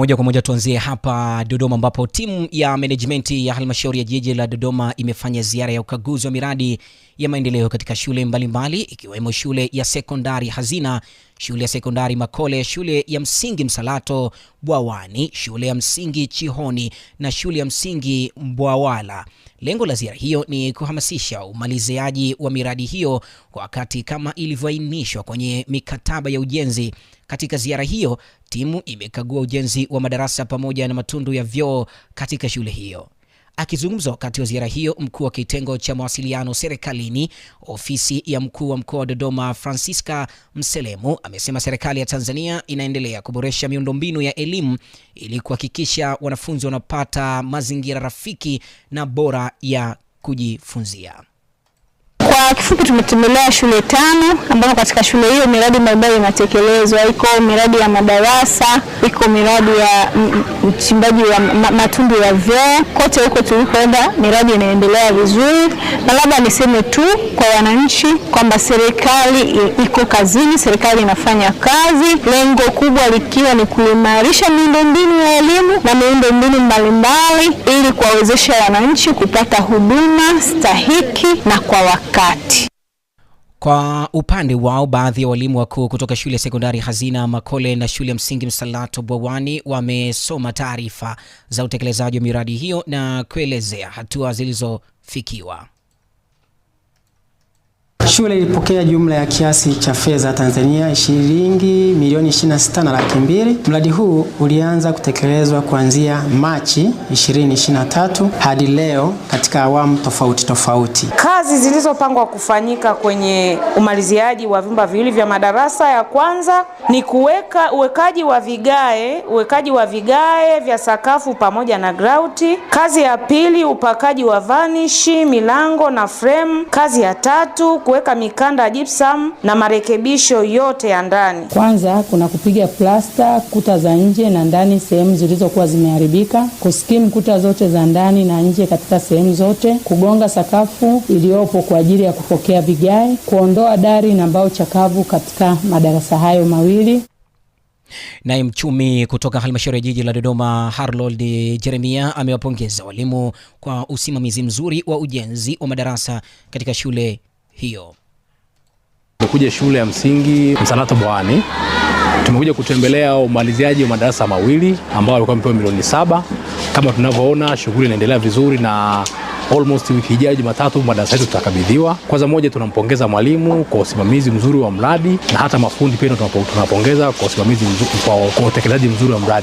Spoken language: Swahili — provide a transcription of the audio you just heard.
Moja kwa moja tuanzie hapa Dodoma ambapo timu ya management ya halmashauri ya jiji la Dodoma imefanya ziara ya ukaguzi wa miradi ya maendeleo katika shule mbalimbali ikiwemo shule ya sekondari Hazina, shule ya sekondari Makole, shule ya msingi Msalato Bwawani, shule ya msingi Chihoni na shule ya msingi Mbwawala. Lengo la ziara hiyo ni kuhamasisha umaliziaji wa miradi hiyo kwa wakati kama ilivyoainishwa kwenye mikataba ya ujenzi. Katika ziara hiyo, timu imekagua ujenzi wa madarasa pamoja na matundu ya vyoo katika shule hiyo. Akizungumza wakati wa ziara hiyo, mkuu wa kitengo cha mawasiliano serikalini ofisi ya mkuu wa mkoa wa Dodoma, Francisca Mselemu, amesema serikali ya Tanzania inaendelea kuboresha miundombinu ya elimu ili kuhakikisha wanafunzi wanapata mazingira rafiki na bora ya kujifunzia. Kwa kifupi tumetembelea shule tano ambapo katika shule hiyo miradi mbalimbali inatekelezwa. Iko miradi ya madarasa, iko miradi ya uchimbaji wa matundu ya vyoo. Kote huko tulikoenda miradi inaendelea vizuri, na labda niseme tu kwa wananchi kwamba serikali iko kazini, serikali inafanya kazi, lengo kubwa likiwa ni kuimarisha miundombinu ya elimu na miundombinu mbalimbali ili kuwawezesha wananchi kupata huduma stahiki na kwa wakati kati Kwa upande wao baadhi ya walimu wakuu kutoka shule ya sekondari Hazina Makole na shule ya msingi Msalato Bwawani wamesoma taarifa za utekelezaji wa miradi hiyo na kuelezea hatua zilizofikiwa. Shule ilipokea jumla ya kiasi cha fedha Tanzania shilingi milioni 26 na laki mbili. Mradi huu ulianza kutekelezwa kuanzia Machi 2023 hadi leo katika awamu tofauti tofauti. Kazi zilizopangwa kufanyika kwenye umaliziaji wa vyumba viwili vya madarasa ya kwanza ni kuweka uwekaji wa vigae, uwekaji wa vigae vya sakafu pamoja na grauti. Kazi ya pili upakaji wa vanishi, milango na frame. Kazi ya tatu kuweka kuweka mikanda ya gypsum na marekebisho yote ya ndani. Kwanza kuna kupiga plasta kuta za nje na ndani sehemu zilizokuwa zimeharibika, kuskim kuta zote za ndani na nje katika sehemu zote, kugonga sakafu iliyopo kwa ajili ya kupokea vigae, kuondoa dari na mbao chakavu katika madarasa hayo mawili. Naye mchumi kutoka halmashauri ya jiji la Dodoma Harold Jeremia amewapongeza walimu kwa usimamizi mzuri wa ujenzi wa madarasa katika shule hiyo. Tumekuja shule ya msingi Msanato Bwani, tumekuja kutembelea umaliziaji wa madarasa mawili ambao walikuwa wamepewa milioni saba. Kama tunavyoona shughuli inaendelea vizuri na almost wiki ijayo Jumatatu madarasa yetu tutakabidhiwa. Kwanza moja, tunampongeza mwalimu kwa usimamizi mzuri wa mradi na hata mafundi pia tunapongeza kwa usimamizi mzuri, kwa utekelezaji mzuri wa mradi.